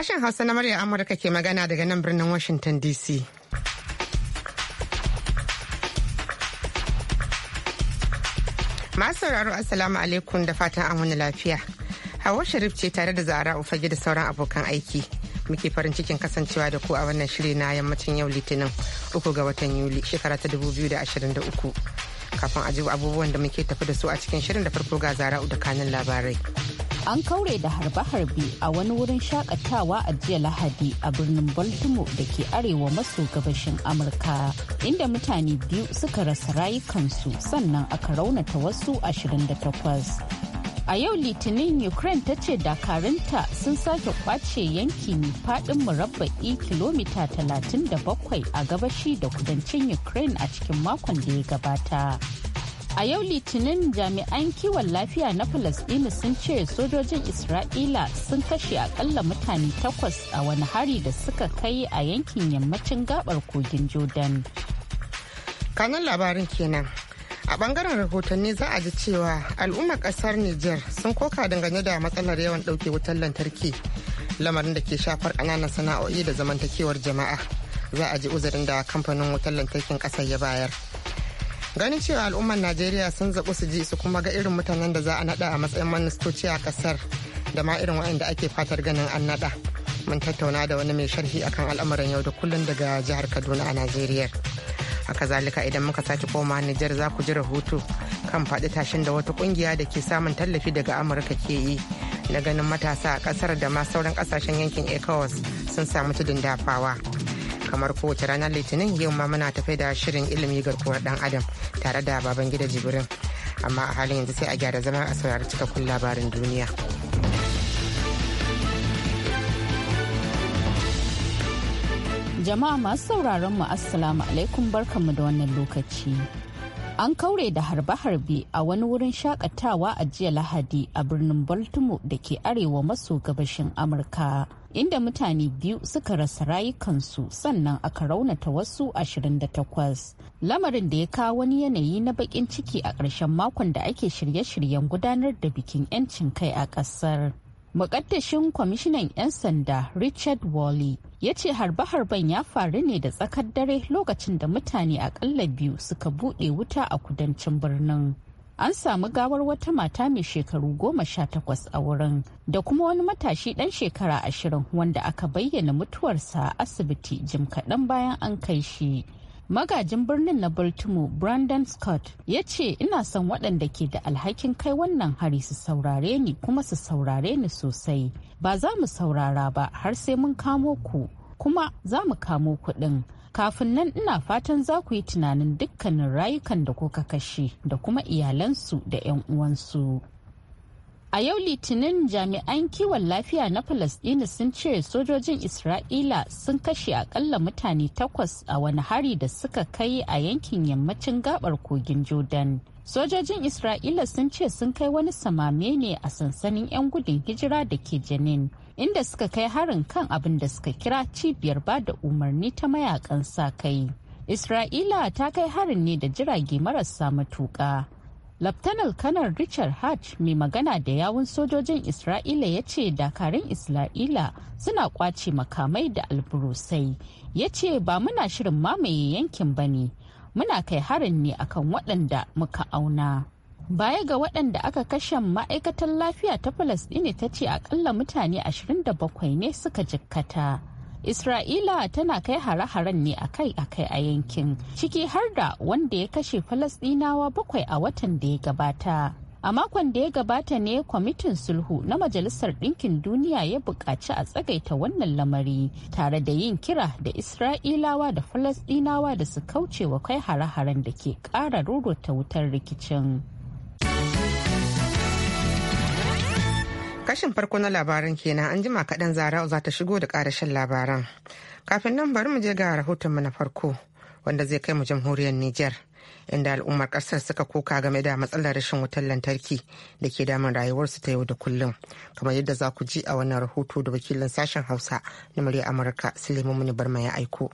Sashen Hausa na murya Amurka ke magana daga nan birnin Washington DC. Masu sauraro Assalamu alaikum da fatan an wani lafiya. Hawa Sharif ce tare da Zara Ufage da sauran abokan aiki. Muke farin cikin kasancewa da ku a wannan shiri na yammacin yau Litinin uku ga watan Yuli shekara ta 2023. Kafin a ji abubuwan da muke tafi da su a cikin shirin da farko ga Zara'u da kanin labarai. an kaure da harbe-harbe a wani wurin shakatawa a jiya lahadi a birnin baltimore da ke arewa maso gabashin amurka inda mutane biyu suka rasa rayukansu sannan aka raunata wasu 28 a yau litinin ukraine ta ce dakarunta sun sake kwace yanki mai fadin murabba'i kilomita 37 a gabashi da kudancin ukraine a cikin makon da ya gabata A yau Litinin jami'an kiwon lafiya na Falasɗinu sun ce sojojin Isra'ila sun kashe akalla mutane takwas a wani hari da suka kai a yankin yammacin gabar kogin Jordan. kanan labarin kenan. A bangaren rahotanni za a ji cewa al'ummar kasar Nijar sun koka dangane da matsalar yawan ɗauke wutar lantarki lamarin da ke shafar ƙananan sana'o'i da zamantakewar jama'a. Za a ji uzurin da kamfanin wutar lantarkin ƙasar ya bayar. ganin cewa al'ummar najeriya sun zaɓi su ji su kuma ga irin mutanen da za a naɗa a matsayin ministoci a ƙasar da ma irin waɗanda ake fatar ganin an naɗa mun tattauna da wani mai sharhi akan al'amuran yau da kullun daga jihar kaduna a najeriya A kazalika, idan muka sake koma Niger, za ku ji rahoto kan faɗi tashin da wata ƙungiya da ke samun tallafi daga amurka ke yi na ganin matasa a ƙasar da ma sauran ƙasashen yankin ecowas sun samu tudun dafawa. kamar kowace ranar litinin yau ma muna tafai da shirin ilimi garkuwar dan adam tare da baban gida jibirin amma a halin yanzu sai a gyara zama a saurari cikakkun labarin duniya jama'a masu sauraron mu assalamu alaikum barkanmu da wannan lokaci an kaure da harbe-harbe a wani wurin shakatawa a jiya lahadi a birnin baltimore da ke arewa maso gabashin amurka inda mutane biyu suka rasa rayukansu sannan aka raunata wasu 28 lamarin da ya kawo wani yanayi na bakin ciki a ƙarshen makon da ake shirye-shiryen gudanar da bikin 'yancin kai a ƙasar Mukaddashin kwamishinan 'yan sanda Richard Wally ya ce harbe-harben ya faru ne da tsakar dare lokacin da mutane akalla biyu suka buɗe wuta a kudancin birnin. An samu gawar wata mata mai shekaru goma sha takwas a wurin da kuma wani matashi ɗan shekara ashirin wanda aka bayyana mutuwarsa a asibiti jim kaɗan bayan an kai shi. magajin birnin na baltimore brandon scott ya ce ina son waɗanda ke da alhakin kai wannan hari su saurare ni kuma su saurare ni sosai ba za mu saurara ba har sai mun kamo ku kuma za mu kamo kuɗin kafin nan ina fatan za ku yi tunanin dukkanin rayukan da kuka kashe da kuma iyalansu da 'yan uwansu A yau Litinin jami'an kiwon lafiya na Falasɗini sun ce sojojin Isra'ila sun kashe akalla mutane takwas a wani hari da suka kai a yankin yammacin gabar kogin Jordan. Sojojin Isra'ila sun ce sun kai wani samame ne a sansanin 'yan gudun hijira da ke Janin, inda suka kai harin kan abin da suka kira cibiyar ba da umarni ta mayakan sa kai. Isra'ila ta kai harin ne da jirage marasa matuƙa. Laftanar Kanar Richard Hatch mai magana da yawun sojojin Isra'ila ya ce dakarun Isra'ila suna kwace makamai da alburusai. Ya ce ba muna shirin mamaye yankin ba ne, muna kai harin ne akan waɗanda muka auna. Baya ga waɗanda aka kashe ma'aikatan lafiya ta Falasɗini ta ce akalla mutane 27 ne suka jikkata. Isra'ila tana kai hare-haren ne akai-akai a yankin, ciki har da wanda ya kashe Falasɗinawa bakwai a watan da ya gabata. A makon da ya gabata ne kwamitin sulhu na Majalisar Ɗinkin Duniya ya buƙaci a tsagaita wannan lamari tare da yin kira da Isra'ilawa da Falasɗinawa da su kauce wa kai hare-haren da ke ƙara rurrota wutar rikicin. Kashin farko na labaran kenan an jima kaɗan Zara za ta shigo da ƙarashin labaran. Kafin nan bari mu je ga rahoton rahotonmu na farko wanda zai kai mu jamhuriyar Nijar. inda al'ummar ƙasar suka koka game da matsalar rashin wutar lantarki da ke damun rayuwarsu ta yau da kullum kamar yadda za ku ji a wannan rahoto da wakilin sashen hausa na murya amurka suleiman muni barma ya aiko.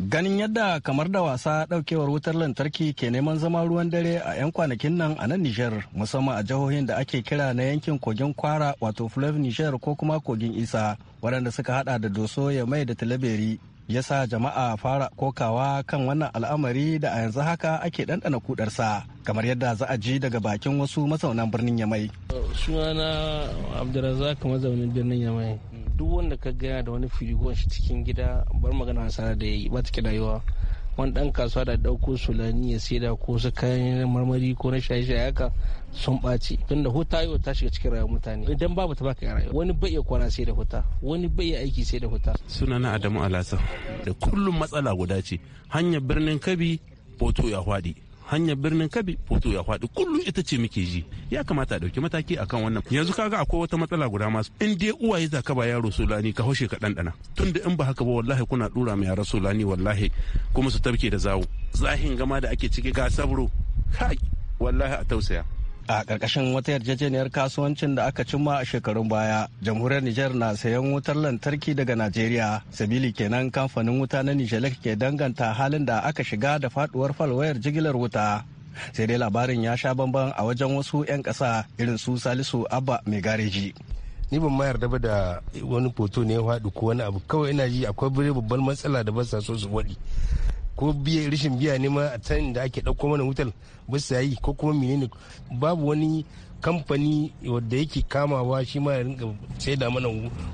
Ganin yadda kamar da wasa daukewar wutar lantarki ke neman zama ruwan dare a 'yan kwanakin nan a nan Nijar musamman a jihohin da ake kira na yankin kogin kwara wato Flav Nijar ko kuma kogin Isa waɗanda suka hada da Doso ya mai da Tilaberi ya sa jama'a fara kokawa kan wannan al'amari da a yanzu haka ake ɗanɗana kudarsa kamar yadda za a ji daga bakin wasu mazaunan birnin yamai sunana ka mazaunin birnin yamai duk wanda ka gaya da wani firigon shi cikin gida bar magana hasara da ya yi ba ta rayuwa wani dan kasuwa da dauko sulani ya saida ko su kayan marmari ko na shaye-shaye haka sun ɓaci tun da huta yau ta shiga cikin rayuwar mutane idan babu ta baka rayuwa wani bai iya kwana sai da huta wani bai iya aiki sai da huta Suna na Adamu Alasa da kullum matsala guda ce hanyar birnin Kabi Boto ya hwadi hanyar birnin kabi foto ya hwadi kullum ita ce muke ji ya kamata a ɗauki mataki akan wannan yanzu kaga akwai wata matsala guda masu in dai uwaye za ka ba yaro solani ka haushe ka ɗanɗana tun da in ba haka ba wallahi kuna ɗura ma yara solani wallahi kuma su tabke da zawo zahin gama da ake ciki ga sabro kai wallahi a tausaya a ƙarƙashin wata yarjejeniyar kasuwancin da aka cimma a shekarun baya jamhuriyar niger na sayan wutar lantarki daga najeriya sabili kenan kamfanin wuta na nijelek ke danganta halin da aka shiga da faduwar falwayar jigilar wuta sai dai labarin ya sha bamban a wajen wasu 'yan kasa irin su salisu abba mai gareji ni ban mayar da ba da wani foto ne ya faɗi ko wani abu kawai ina ji akwai babban matsala da ba sa so su waɗi ko biya rashin biya ne ma a can da ake ɗauko mana wutar ba su yi ko kuma menene babu wani kamfani wadda yake kamawa shi ma ya sai da mana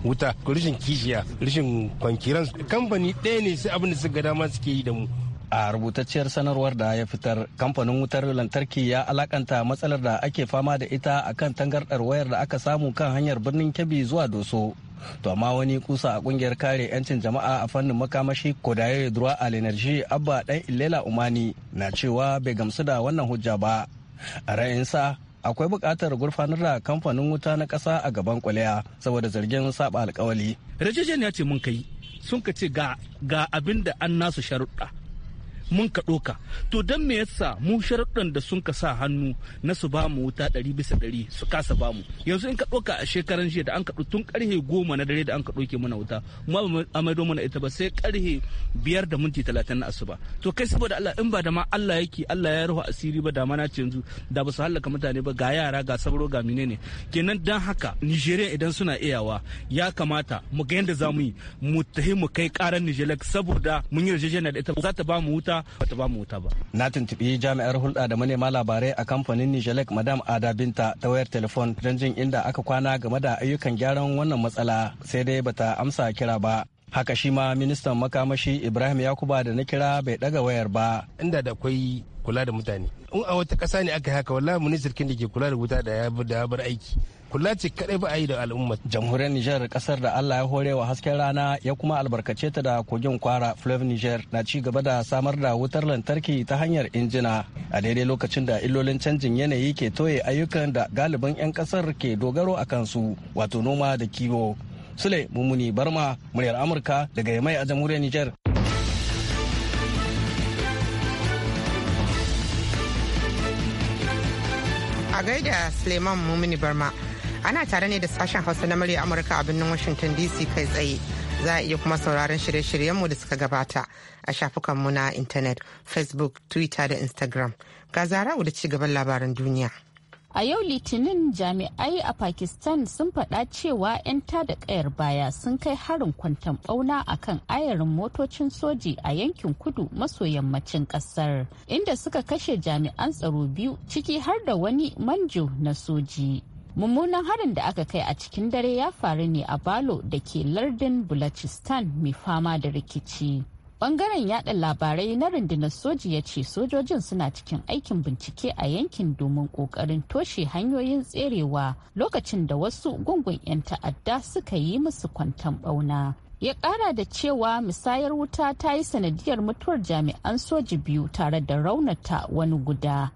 wuta ko rashin kishiya rashin kwankiran kamfani ɗaya ne sai abin da suka dama suke yi da mu a rubutacciyar sanarwar da ya fitar kamfanin wutar lantarki ya alakanta matsalar da ake fama da ita akan tangardar wayar da aka samu kan hanyar birnin kebbi zuwa doso to amma wani kusa a kungiyar kare 'yancin jama'a a fannin makamashi kodaye droit a abba dan ilela umani na cewa bai gamsu da wannan hujja ba a ra'ayinsa akwai buƙatar gurfanar da kamfanin wuta na ƙasa a gaban kwalaya saboda zargin saba alkawali. ya ce mun kai sun ka ce ga abin da an nasu sharuɗa mun ka to don me yasa mu sharuɗan da sun ka sa hannu na su ba mu wuta ɗari bisa ɗari su kasa bamu yanzu in ka ɗoka a shekaran jiya da an ka tun ƙarhe goma na dare da an ka ɗoke mana wuta mu a maido mana ita ba sai ƙarhe biyar da minti talatin na asuba to kai saboda Allah in ba da ma Allah yake Allah ya ruhu asiri ba da mana yanzu da ba su hallaka mutane ba ga yara ga sabro ga menene kenan dan haka Nigeria idan suna iyawa ya kamata mu ga yadda za mu yi mu tahi mu kai karan Nigeria saboda mun yi rajajena da ita za ta ba wuta ba mu wuta ba na tuntuɓi jami'ar hulɗa da manema labarai a kamfanin Nijalek Madam Ada Binta ta wayar telefon don jin inda aka kwana game da ayyukan gyaran wannan matsala sai dai bata amsa kira ba haka shi ma ministan makamashi ibrahim yakuba da na kira bai ɗaga wayar ba inda da akwai kula da mutane in a wata ƙasa ne aka haka wallahi ministan da ke kula da wuta da ya bar aiki kula ce kadai ba a yi da al'umma jamhuriyar niger kasar da allah ya hore wa hasken rana ya kuma albarkace ta da kogin kwara flav niger na ci gaba da samar da wutar lantarki ta hanyar injina a daidai lokacin da illolin canjin yanayi ke toye ayyukan da galibin 'yan kasar ke dogaro a kansu wato noma da kiwo sule mummuni barma muryar amurka daga yamai a jamhuriyar niger a gaida suleiman mumini barma ana tare ne da sashen hausa na murya amurka a birnin washington dc kai tsaye za a iya kuma sauraron shirye-shiryenmu da suka gabata a shafukanmu na intanet facebook twitter da instagram ga zarawu da gaban labaran duniya a yau litinin jami'ai a pakistan sun faɗa cewa 'yan tada kayar baya sun kai harin kwantan ɓauna akan ayarin motocin soji a yankin kudu maso yammacin kasar inda suka kashe jami'an tsaro biyu ciki har da wani manjo na soji mummunan harin da aka kai a cikin dare ya faru ne a balo da ke lardin bulacistan mai fama da rikici bangaren yada labarai na rundunar soji ya ce sojojin suna cikin aikin bincike a yankin domin kokarin toshe hanyoyin tserewa lokacin da wasu gungun 'yan ta'adda suka yi musu kwantan bauna ya kara da cewa misayar wuta ta yi sanadiyar mutuwar jami'an soji biyu tare da raunata wani guda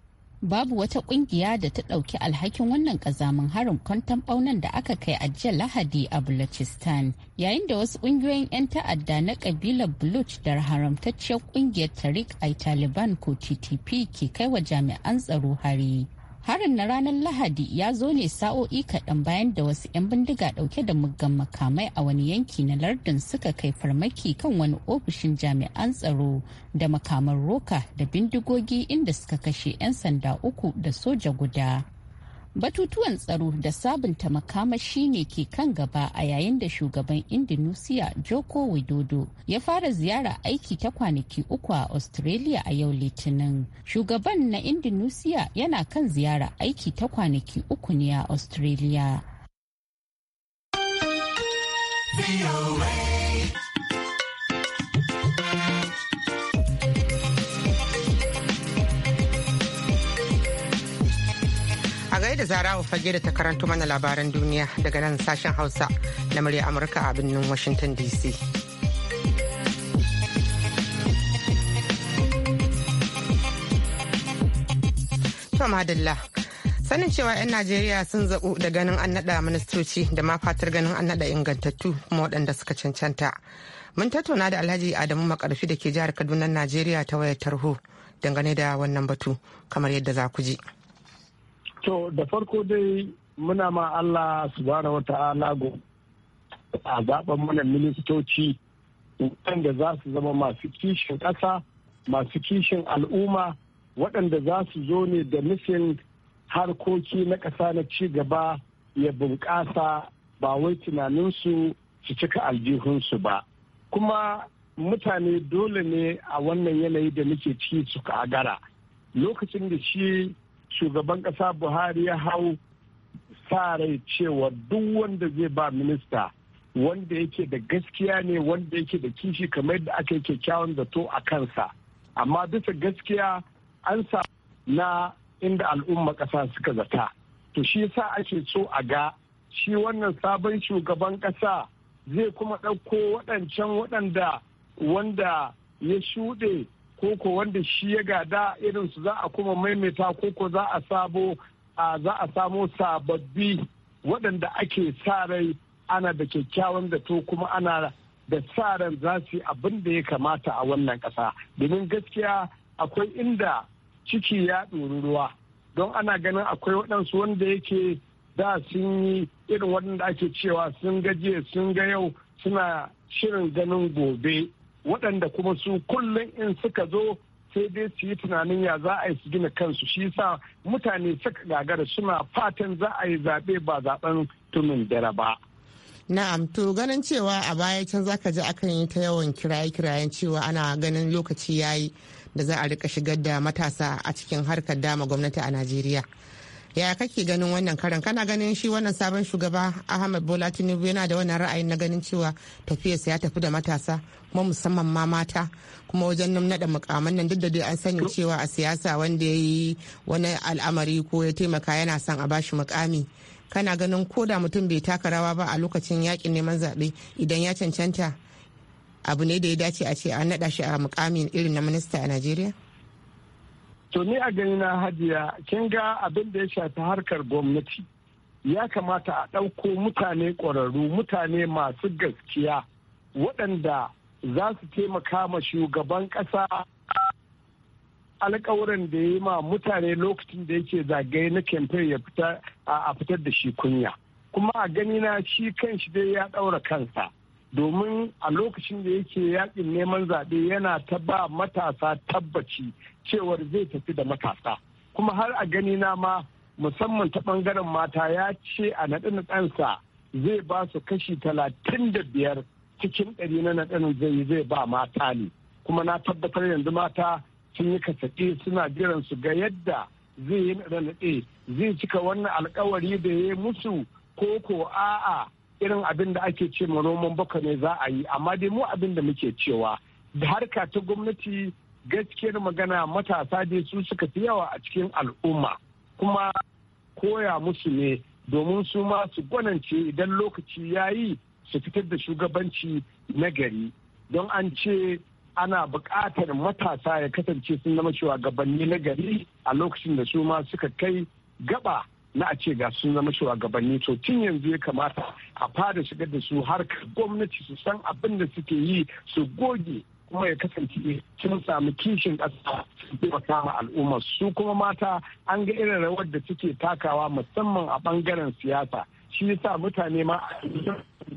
babu wata kungiya da ta ɗauki alhakin wannan ƙazamin harin kwantan ɓaunan da aka kai a jiya lahadi a Balochistan yayin da wasu ƙungiyoyin 'yan ta'adda na ƙabilar Buluch da haramtacciyar ƙungiyar Tariq ai Taliban ko TTP ke kai wa jami'an tsaro hari. harin na ranar lahadi ya zo ne sa'o'i kaɗan bayan da wasu 'yan bindiga ɗauke da muggan makamai a wani yanki na lardin suka kai farmaki kan wani ofishin jami'an tsaro da makaman roka da bindigogi inda suka kashe 'yan sanda uku da soja guda batutuwan tsaro da sabunta makamashi ne ke kan gaba a yayin da shugaban indonesia joko widodo ya fara ziyara aiki ta kwanaki uku a australia a yau litinin shugaban na indonesia yana kan ziyara aiki ta kwanaki uku ne a australia da zara fage da ta karanto mana labaran duniya daga nan sashen hausa na murya amurka a birnin washington dc madalla sanin cewa 'yan najeriya sun zaɓu da ganin an naɗa ministoci da ma fatar ganin an naɗa ingantattu kuma waɗanda suka cancanta mun tattauna da alhaji adamu makarfi da ke jihar kaduna najeriya ta wayar tarho dangane da wannan batu kamar yadda za ku ji. To da farko dai muna ma Allah su subhanahu wata alago a zaben mana ministoci waɗanda za su zama masu kishin ƙasa masu kishin al'umma waɗanda za su zo ne da nufin harkoki na ƙasa na ci gaba ya bunƙasa ba wai tunaninsu su cika aljihunsu ba kuma mutane dole ne a wannan yanayi da muke ciki su gara lokacin da shi shugaban ƙasa buhari ya hau sa rai cewa duk wanda zai ba minista wanda yake da gaskiya ne wanda yake da kishi kamar da aka yi kyakkyawan zato a kansa amma bisa gaskiya an sa na inda al'umma ƙasa suka zata to shi yasa ake so a ga shi wannan sabon shugaban ƙasa zai kuma ɗauko waɗancan waɗanda wanda ya shuɗe koko wanda shi ya gada irinsu za a kuma maimaita koko za a sabo za a samo sababbi waɗanda ake sa rai ana da kyakkyawan zato kuma ana da sa ran za su yi da ya kamata a wannan ƙasa domin gaskiya akwai inda ciki ya ɗori ruwa don ana ganin akwai waɗansu wanda yake da sun yi irin waɗanda ake cewa sun gajiya sun ga yau suna shirin ganin gobe waɗanda kuma su kullum in suka zo sai dai su yi tunanin ya za a yi su gina kansu shi yasa mutane suka gagara suna fatan za a yi zaɓe ba zaɓen tumin dare ba. Na'am to ganin cewa a baya can zaka ji akan yi ta yawan kiraye-kirayen cewa ana ganin lokaci yayi da za a rika shigar da matasa a cikin harkar dama gwamnati a Najeriya. ya kake ganin wannan karan kana ganin shi wannan sabon shugaba ahmad bola tinubu yana da wannan ra'ayin na ganin cewa tafiyarsa ya tafi da matasa kuma musamman ma mata kuma wajen naɗa mukaman nan duk da dai an sani cewa a siyasa wanda ya yi wani al'amari ko ya taimaka yana son a bashi mukami kana ganin ko da mutum bai taka rawa ba a lokacin yakin neman zaɓe idan ya cancanta abu ne da ya dace a ce an naɗa shi a mukamin irin na minista a najeriya to ni a ganina hajiya kin ga abin da ya shafi harkar gwamnati ya kamata a ɗauko mutane ƙwararru mutane masu gaskiya waɗanda za su taimaka ma shugaban ƙasa alkawarin da ya yi ma mutane lokacin da yake zagaye na kamfe ya fita a fitar da shi kunya kuma a gani na shi kan shi dai ya ɗaura kansa domin a lokacin da yake yakin neman zaɓe yana ta ba matasa tabbaci cewar zai tafi da matasa kuma har a gani na ma musamman ta ɓangaren mata ya ce a naɗin ɗansa zai ba su kashi talatin da biyar cikin ɗari na naɗin zai zai ba mata ne kuma na tabbatar yanzu mata sun yi kasafi suna jiran su ga yadda zai yi naɗe zai cika wannan alkawari da ya musu ko ko a'a irin abin da ake ce ma noman baka ne za a yi amma dai mu abin da muke cewa da harka ta gwamnati gaskiyar magana matasa dai su suka fi yawa a cikin al'umma kuma koya musu ne domin su ma su gwanance idan lokaci ya yi su fitar da shugabanci na gari don an ce ana bukatar matasa ya kasance sun zama gabanni na gari a lokacin da su ma suka kai gaba na a ce ga sun zama shugabanni to tun yanzu ya kamata a fara shigar da su har gwamnati su san abin da suke yi su goge kuma ya kasance sun samu kishin ƙasa da kama al'ummar su kuma mata an ga irin rawar da suke takawa musamman a bangaren siyasa shi yasa mutane ma a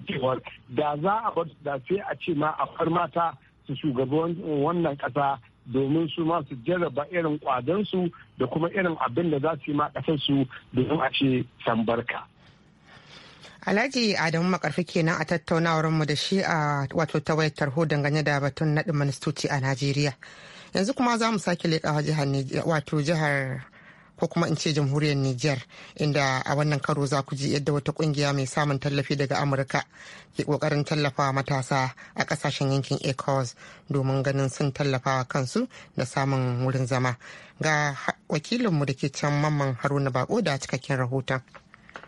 cewar da za a bar da sai a ce ma a far mata su shugaban wannan ƙasa domin su ma su jarraba irin kwadansu da kuma irin abin da za su yi ma su domin a ce tambarka. Alhaji Adamu Makarfi kenan a tattaunawar mu da shi a wato ta wayar tarho dangane da batun naɗin ministoci a Najeriya. Yanzu kuma za mu sake leƙawa jihar wato jihar ko kuma in ce jamhuriyar Nijar inda a wannan karo za ku ji yadda wata kungiya mai samun tallafi daga Amurka ke kokarin wa matasa a kasashen yankin ECOWAS domin ganin sun tallafawa kansu da samun wurin zama. Ga wakilinmu da ke can mamman Haruna Bako da cikakken rahoton.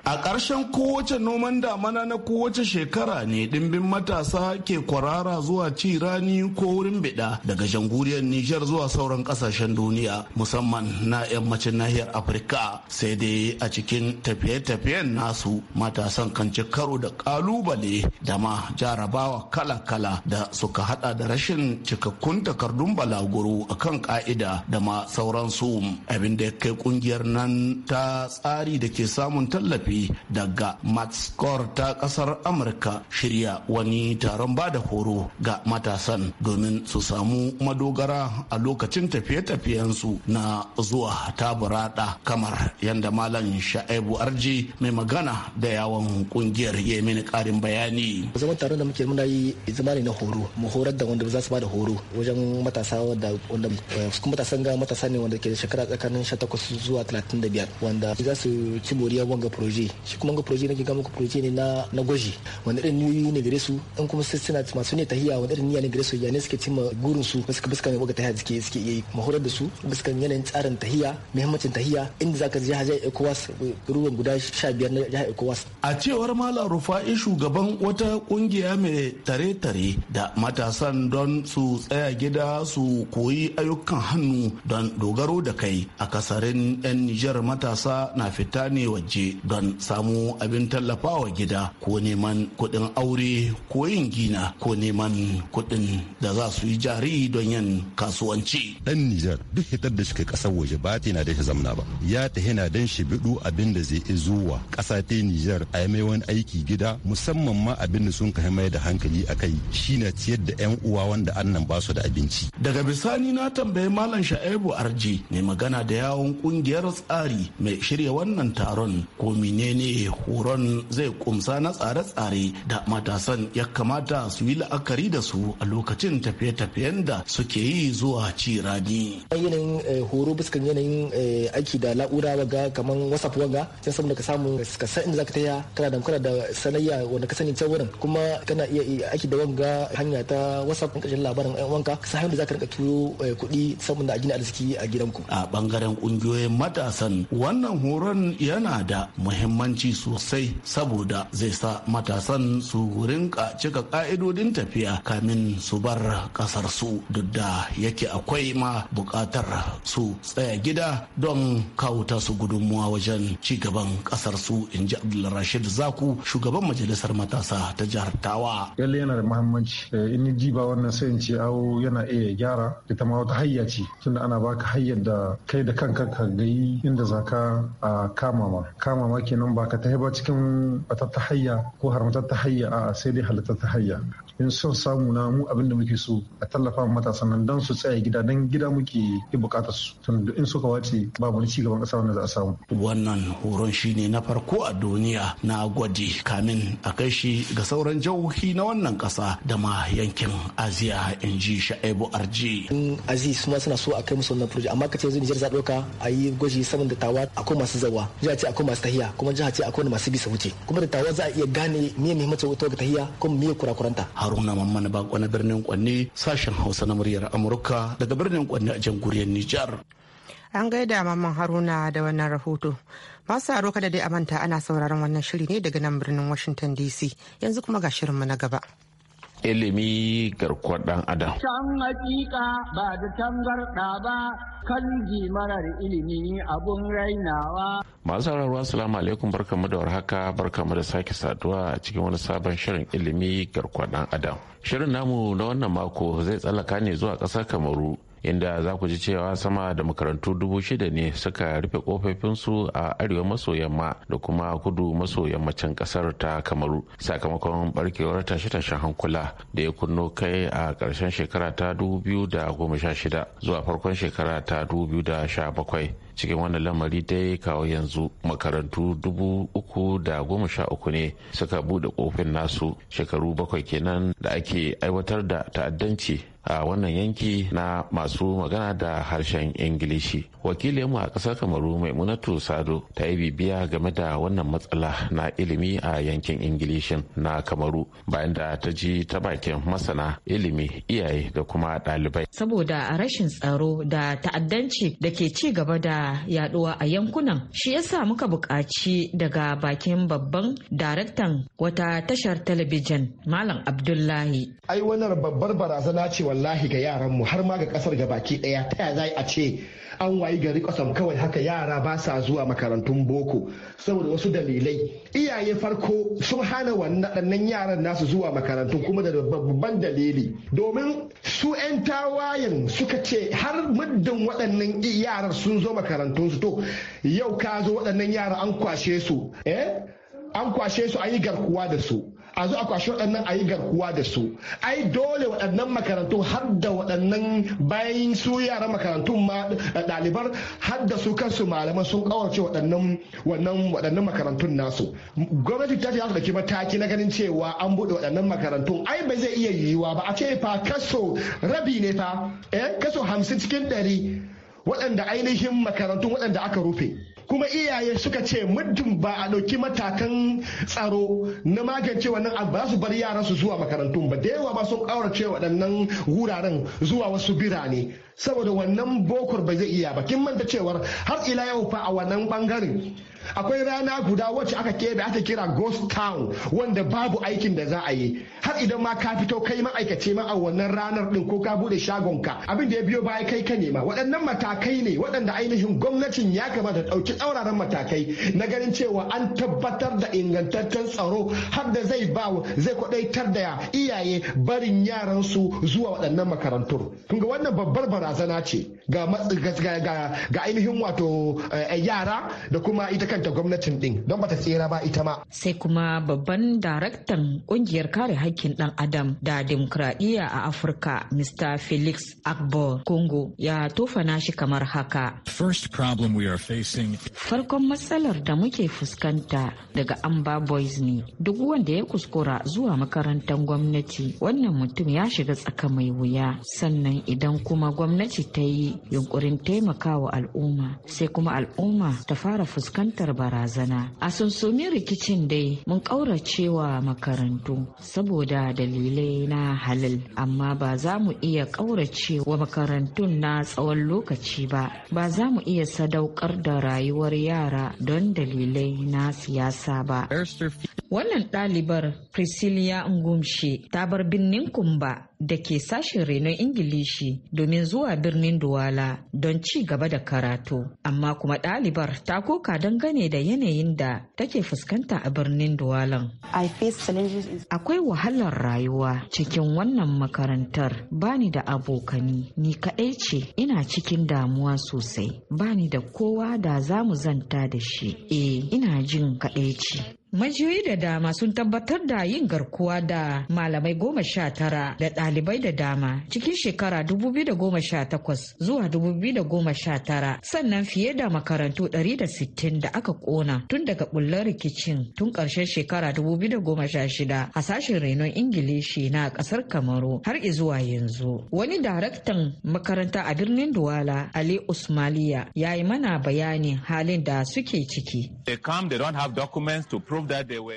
A ƙarshen kowace noman damana na kowace shekara ne ɗimbin matasa ke kwarara zuwa ci rani ko wurin biɗa daga janguriyar Nijar zuwa sauran ƙasashen duniya musamman na yammacin nahiyar Afirka sai dai a cikin tafiye-tafiyen nasu matasan kan ci karo da ƙalubale da ma jarabawa kala-kala da suka hada da rashin cikakkun takardun balaguro kan ƙa'ida, da ma sauransu abin da ya kai ƙungiyar nan ta tsari da ke samun tallafi tallafi daga matskor ta kasar amurka shirya wani taron ba da horo ga matasan domin su samu madogara a lokacin tafiye-tafiyensu na zuwa taburada kamar yadda malam sha'ibu arji mai magana da yawon kungiyar ya yi mini karin bayani zama taron da muke muna yi zama ne na horo mu horar da wanda za su da horo wajen matasa wanda eh, kuma matasan ga matasa ne wanda ke da shekara tsakanin 18 zuwa 35 wanda za su ci moriyar wanga proje proje shi kuma ga proje nake ga proje ne na na gwaji wani irin niyoyi ne gare su in kuma sai suna masu ne tahiya wani irin niyya ne gare su ya ne suke cimma gurin su suka fuska ne ga tahiya suke suke yi mahorar da su fuskan yanayin tsarin tahiya muhimmancin tahiya inda zaka je hajjar ECOWAS ruwan guda 15 na jihar ECOWAS a cewar Malam Rufa'i shugaban wata kungiya mai tare-tare da matasan don su tsaya gida su koyi ayyukan hannu don dogaro da kai a kasarin 'yan Nijar matasa na fita ne waje don samo samu abin tallafawa gida ko neman kuɗin aure ko yin gina ko neman kuɗin da za su yi jari don yin kasuwanci. Dan Nijar duk hitar da suka kasar waje ba ta yana da shi zamna ba. Ya ta yana dan shi bidu abin da zai zuwa ƙasa ta Nijar a yi wani aiki gida musamman ma abin da sun ka mai da hankali a kai shi na ciyar da 'yan uwa wanda annan ba su da abinci. Daga bisani na tambayi Malam Sha'ibu Arji mai magana da yawon kungiyar tsari mai shirya wannan taron ko mene menene horon zai kumsa na tsare-tsare da matasan ya kamata su yi la'akari da su a lokacin tafiye-tafiyen da suke yi zuwa ci rani. yanayin eh, horo biskan yanayin eh, aiki da la'ura waga kamar whatsapp waga sai saboda ka samu ka san inda zaka taya kana da kana da sanayya wanda ka sani can wurin kuma kana iya aiki da wanga hanya ta whatsapp kashin labarin ɗan wanka ka san zaka rika turo eh, kuɗi saboda a gina arziki a gidanku. a bangaren ƙungiyoyin matasan wannan horon yana da muhimmanci muhimmanci sosai saboda zai sa matasan su rinka cika ka'idodin tafiya kamin su bar kasar su duk da yake akwai ma bukatar su tsaya gida don kawo su gudunmuwa wajen ci gaban kasar su in ji abdulrashid zaku shugaban majalisar matasa ta jihar tawa yalle yana da muhimmanci eh, in ji ba wannan sai in ce awo yana iya gyara ita ma wata hayya ce tunda ana baka hayyar da kai da kanka ka gayi inda zaka a kama ma kenan ba ka tahi ba cikin ta hayya ko ta hayya a sai dai halittatta tahayya in son samu na mu abin da muke so a tallafa ma matasan nan don su tsaya gida don gida muke yi bukatar su tun in suka wace ba wani gaban kasa wanda za a samu. wannan horon shine na farko a duniya na gwaji kamin a kai shi ga sauran jauhi na wannan kasa da ma yankin aziya in ji sha'ibu arji. in aziz su ma suna so a kai musu wannan furoji amma ka ce yanzu nijar za a yi gwaji saman da tawa akwai masu zawa jiha ce akwai masu tahiya kuma jiha ce akwai masu bisa wuce kuma da tawa za a iya gane miye muhimmancin ga tahiya kuma miye kurakuranta. haruna mamman bako na birnin kwanne sashen hausa na muryar amurka daga birnin kwanne a jamhuriyar nijar an gaida mamman haruna da wannan rahoto masu aro kada dai a manta ana sauraron wannan shiri ne daga nan birnin washington dc yanzu kuma ga shirinmu na gaba ilimi garkuwar dan adam. Can hakika ba da tangarɗa ba kan marar ilimi abun rainawa. Masu sauraro salamu alaikum barkamu da warhaka barkamu da sake saduwa a cikin wani sabon shirin ilimi garkuwar dan adam. Shirin namu na wannan mako zai tsallaka ne zuwa ƙasar Kamaru inda za ku ji cewa sama da makarantu dubu shida ne suka rufe kofofinsu a arewa maso yamma da kuma kudu maso yammacin kasar ta kamaru sakamakon barkewar tashe-tashen hankula da ya kunno kai a ƙarshen shekara ta shida zuwa farkon shekara ta bakwai. cikin wannan lamari dai kawo yanzu makarantu dubu uku da goma sha uku ne suka bude kofin nasu shekaru bakwai kenan da ake aiwatar da ta'addanci a wannan yanki na masu magana da harshen ingilishi wakilinmu a ƙasar kamaru maimunatu sado ta yi bibiya game da wannan matsala na ilimi a yankin ingilishin na kamaru bayan da ta ji ta bakin masana ilimi iyaye da kuma ɗalibai saboda rashin tsaro da ta'addanci da ke ci gaba da yaɗuwa yaduwa a yankunan shi yasa muka buƙaci daga bakin babban daraktan wata tashar talabijin malam abdullahi ai wannan babbar barazana ce wallahi ga yaran mu har ma ga kasar ga baki daya ta zai a ce an wayi gari kwasam kawai haka yara ba sa zuwa makarantun boko saboda wasu dalilai iyaye farko sun hana wannan yaran nasu zuwa makarantun kuma da babban dalili domin su 'yan tawayen suka ce har muddin waɗannan yaran sun zo makarantun makarantunsu to yau ka zo waɗannan yara an kwashe su eh an kwashe su yi garkuwa da su a zo a kwashe waɗannan a yi garkuwa da su ai dole waɗannan makarantu har da waɗannan bayan su yara makarantun ma eh, ɗalibar har da su kansu malaman sun kawarce waɗannan wannan waɗannan makarantun nasu gwamnati ta ce za su ɗauki mataki na ganin cewa an buɗe waɗannan makarantun ai ba zai iya yiwuwa ba a ce fa kaso rabi ne fa eh kaso hamsin cikin ɗari waɗanda ainihin makarantu waɗanda aka rufe kuma iyaye suka ce muddin ba a ɗauki matakan tsaro na magance wannan abu ba su bar yaran su zuwa makarantun ba da yawa ba sun ƙaurace waɗannan wuraren zuwa wasu birane saboda wannan bokor ba zai iya ba kin manta cewar har ila yau fa a wannan bangaren akwai rana guda wacce aka keɓe aka kira ghost town wanda babu aikin da za a yi har idan ma ka fito kai ma'aikace ma a wannan ranar din ko ka bude ka. abin da ya biyo baya kai ka nema waɗannan matakai ne waɗanda ainihin gwamnatin ya kamata ɗauki tsauraran matakai na ganin cewa an tabbatar da ingantaccen tsaro har da zai ba zai kwaɗaitar da iyaye barin yaransu zuwa waɗannan makarantun kun ga wannan babbar barazana ce ga ainihin wato eh, yara da kuma ita kan kanta gwamnatin din don bata tsira ba ita ma. Sai kuma babban daraktan kungiyar kare hakkin ɗan adam da demokradiyya a Afirka Mr. Felix Agbo Congo ya tofa shi kamar haka. First problem we are facing. Farkon matsalar da muke fuskanta daga Amba Boys ne duk wanda ya kuskura zuwa makarantar gwamnati wannan mutum ya shiga tsaka mai wuya sannan idan kuma gwamnati ta yi yunkurin taimakawa al'umma sai kuma al'umma ta fara fuskanta. fuskantar barazana. A sunsumin rikicin dai mun ƙauracewa makarantu saboda dalilai na halal amma ba za mu iya ƙauracewa makarantun na tsawon lokaci ba. Ba za mu iya sadaukar da rayuwar yara don dalilai na siyasa ba. Wannan ɗalibar Priscilla ngumshi ta bar birnin Kumba da ke sashen renon ingilishi domin zuwa birnin duwala don ci gaba da karatu amma kuma ɗalibar ta koka dangane da yanayin da take fuskanta a birnin duwalan akwai wahalar rayuwa cikin wannan makarantar bani da abokani ni kaɗai ce ina cikin damuwa sosai bani da kowa da za mu zanta da shi eh ina jin kaɗai ce. Majiyoyi da dama sun tabbatar da yin garkuwa da malamai goma sha tara da ɗalibai da dama cikin shekara dubu biyu da goma sha takwas zuwa dubu biyu da goma sha tara sannan fiye da makarantu ɗari da sittin da aka ƙona tun daga bullar rikicin tun ƙarshen shekara dubu biyu da goma sha shida a sashen renon Ingilishi na ƙasar Kamaru har zuwa yanzu. Wani daraktan makaranta a birnin Duwala Ali Usmaliya ya yi mana bayanin halin da suke ciki. They come, they don't have documents to prove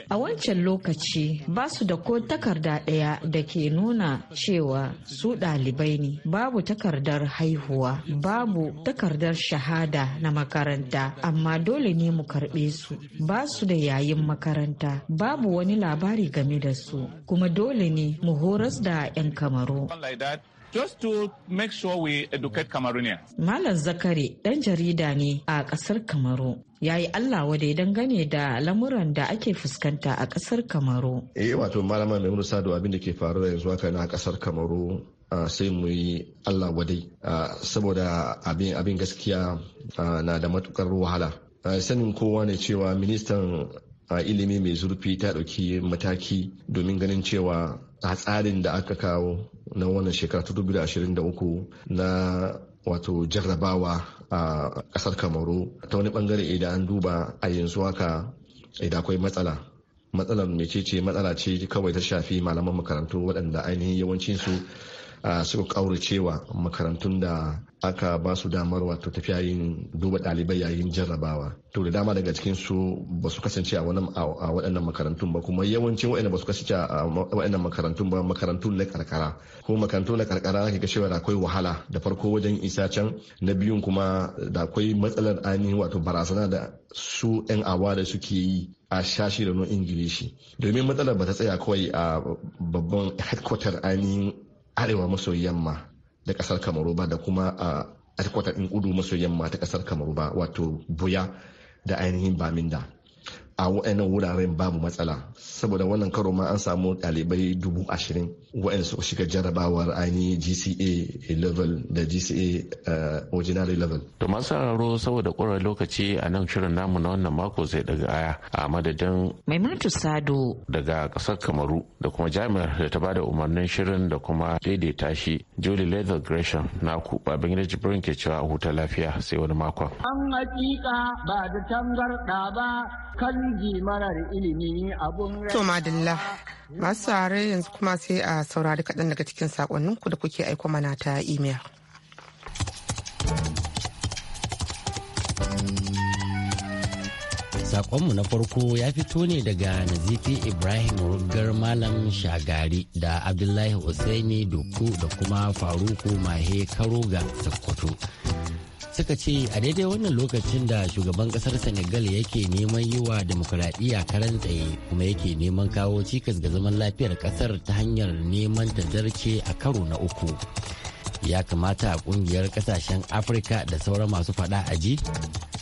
A wancan lokaci ba su da ko takarda ɗaya da ke nuna cewa su ɗalibai ne, babu takardar haihuwa, babu takardar shahada na makaranta, amma dole ne mu karɓe su. Ba su da yayin makaranta, babu wani labari game da su, kuma dole ne mu horas da 'yan kamaru. just to make sure we educate Cameroonians. Malam Zakari ɗan jarida ne a ƙasar Kamaru. ya yi Allah wadai dangane da lamuran da ake fuskanta a ƙasar Kamaru. Eh wato malama mai sadu abin da ke faruwa yanzu haka na ƙasar Kamaru sai mu yi Allah wadai saboda abin abin gaskiya na da matukar wahala. Sanin kowa ne cewa ministan ilimi mai zurfi ta ɗauki mataki domin ganin cewa a tsarin da aka kawo na wannan shekara ta 2023 na wato jarrabawa a kasar kamaru ta wani bangare idan an duba a yanzu haka idan akwai matsala matsalar ce matsala ce kawai ta shafi malaman makarantu waɗanda ainihin yawancinsu suka kauracewa makarantun da aka ba su damar wato tafiya yin duba ɗalibai yayin jarrabawa to da dama daga cikin su ba su kasance a waɗannan makarantun ba kuma yawancin waɗanda ba su kasance a waɗannan makarantun ba makarantun na karkara ko makarantu na karkara zaka ga cewa da akwai wahala da farko wajen isa can na biyun kuma da akwai matsalar ainihin wato barazana da su 'yan awa da suke yi a shashi da nun ingilishi domin matsalar ba ta tsaya kawai a babban headquarter ainihin arewa maso yamma da kasar kamaru ba da kuma a akwata ɗin kudu maso yamma ta kasar kamaru ba wato buya da ainihin baminda a wa'annan wuraren babu matsala saboda wannan karo ma an samu ɗalibai dubu ashirin waɗanda shiga jarabawar ainihin gca level da gca eh, ordinary level to masu sauraro saboda ƙwarar lokaci a nan shirin namu na wannan mako zai daga aya a madadin maimunatu sado daga ƙasar kamaru da kuma jami'ar da ta bada umarnin shirin da kuma daidaita shi julie leather gresham na ku babin gida jibirin ke cewa a huta lafiya sai wani makon an hakika ba da tangarɗa ba kan marar ilimi abun to madalla masu yanzu kuma sai a saurari kaɗan daga cikin sakonninku da kuke aiko mana ta email. Sakonmu na farko ya fito ne daga Nazifi Ibrahim Rugar Malam Shagari da Abdullahi Usaini Doku da kuma Faruku Mahe Karoga Sokoto. suka ce a daidai wannan lokacin da shugaban kasar senegal yake neman yi wa demokuraɗiyya karan tsaye kuma yake neman kawo cikas ga zaman lafiyar kasar ta hanyar neman ta a karo na uku ya kamata a kungiyar kasashen afirka da sauran masu fada aji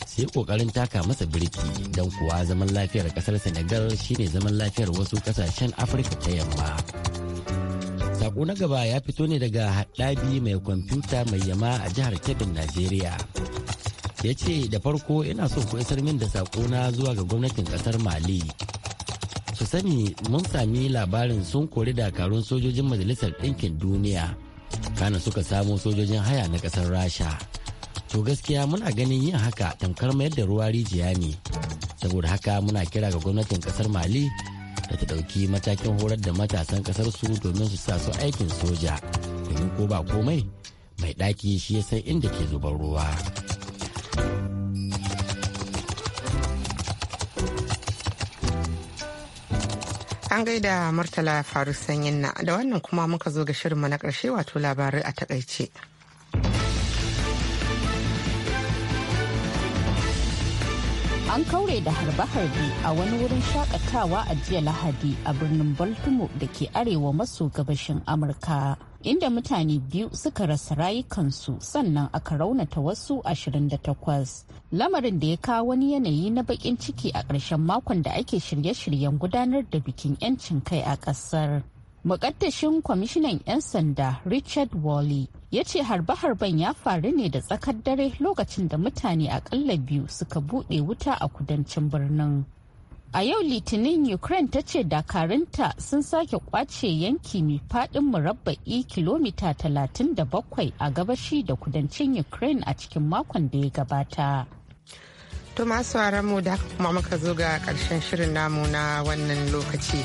sai kokarin taka masa birki don kuwa zaman lafiyar kasar senegal shine zaman lafiyar wasu kasashen afirka ta yamma Sako na gaba ya fito ne daga haɗabi mai kwamfuta mai yama a jihar kebin Najeriya. Ya ce da farko ina so ku isar min da sako na zuwa ga gwamnatin ƙasar Mali. Su sani mun sami labarin sun kori dakarun sojojin Majalisar Ɗinkin Duniya. Kana suka samo sojojin haya na ƙasar Rasha. To gaskiya muna ganin yin haka tamkar mayar da ruwa rijiya ne. Saboda haka muna kira ga gwamnatin ƙasar Mali da ta ɗauki matakin horar da matasan ƙasar su domin su sa su aikin soja domin ko ba komai mai ɗaki shi ya san inda ke zuban ruwa. An gaida Murtala Faru Sanyin na da wannan kuma muka zo ga shirinmu na ƙarshe wato labarai a takaice. an kaure da harbe-harbe a wani wurin shakatawa a jiya lahadi a birnin baltimore da ke arewa maso gabashin amurka inda mutane biyu suka rasa rayukansu sannan aka raunata wasu 28 lamarin da ya kawo wani yanayi na bakin ciki a ƙarshen makon da ake shirye-shiryen gudanar da bikin 'yancin kai a ƙasar Mukaddashin kwamishinan 'yan sanda Richard Wally ya ce harbe-harben ya faru ne da tsakar dare lokacin da mutane akalla biyu suka buɗe wuta a kudancin birnin. A yau Litinin Ukraine ta ce dakarunta sun sake kwace yanki mai faɗin murabba'i kilomita 37 a gabashi da kudancin Ukraine a cikin makon da ya gabata. To masu mu da kuma muka zo ga ƙarshen shirin namu na wannan lokaci.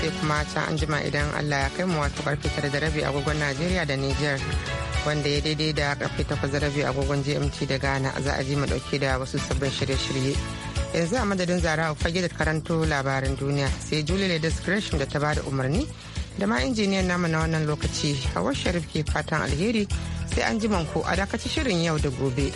sai kuma can anjima idan allah ya kai mu wato karfe tara da rabi agogon najeriya da niger wanda ya daidai da karfe takwas da rabi agogon gmt da ghana za a ji mu dauke da wasu sabbin shirye-shirye yanzu a madadin zara fage da karanto labaran duniya sai julie ladies gresham da ta bada umarni da ma injiniyan namu na wannan lokaci hawa sharif ke fatan alheri sai an ji ku a dakaci shirin yau da gobe.